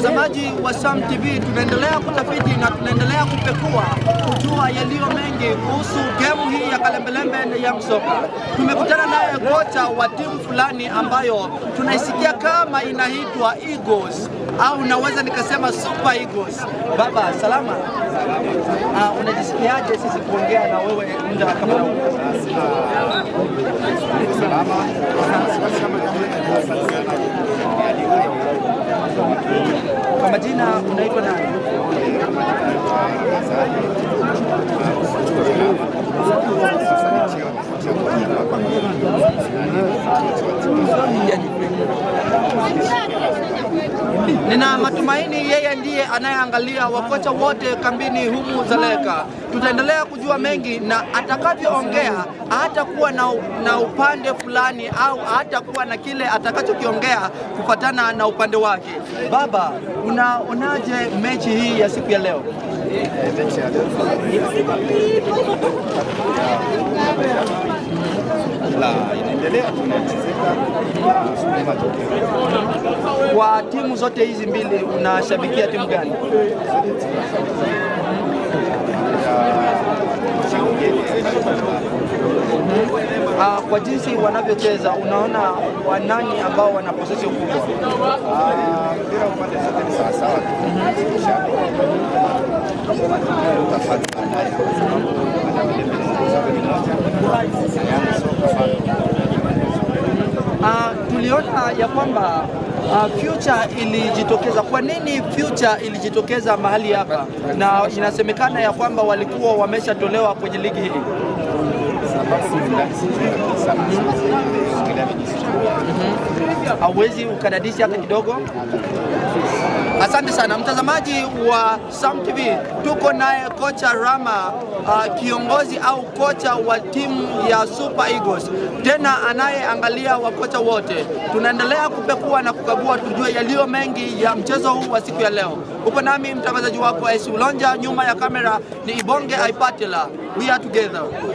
Mtazamaji wa Sam TV, tunaendelea kutafiti na tunaendelea kupekua kujua yaliyo mengi kuhusu gemu hii ya kalembelembe ya msoka. Tumekutana naye kocha wa timu fulani ambayo tunaisikia kama inaitwa Eagles au naweza nikasema Super Eagles. Baba salama, uh, unajisikiaje sisi kuongea na wewe muda kama huu? majina unaitwa nani? Nina matumaini yeye ndiye anayeangalia wakocha wote kambini humu Zaleka. Tutaendelea kujua mengi na atakavyoongea, hata kuwa na, na upande fulani au hata kuwa na kile atakachokiongea kufatana na upande wake. Baba, unaonaje mechi hii ya siku ya leo? Eh, la inaendelea matokeo. Kwa timu zote hizi mbili unashabikia timu gani? Uh, kwa jinsi wanavyocheza unaona wanani ambao wana possession kubwa? Ah, mpira upande zote ni sawasawa tuliona ya kwamba uh, future ilijitokeza. Kwa nini future ilijitokeza mahali hapa? Na inasemekana ya kwamba walikuwa wameshatolewa kwenye ligi hii hauwezi ukadadisi hata kidogo. Asante sana mtazamaji wa Sam TV, tuko naye kocha Rama uh, kiongozi au kocha wa timu ya Super Eagles, tena anayeangalia wakocha wote. Tunaendelea kupekua na kukagua tujue yaliyo mengi ya mchezo huu wa siku ya leo. Upo nami mtangazaji wako Aisi Ulonja, nyuma ya kamera ni Ibonge Aipatela. We are together.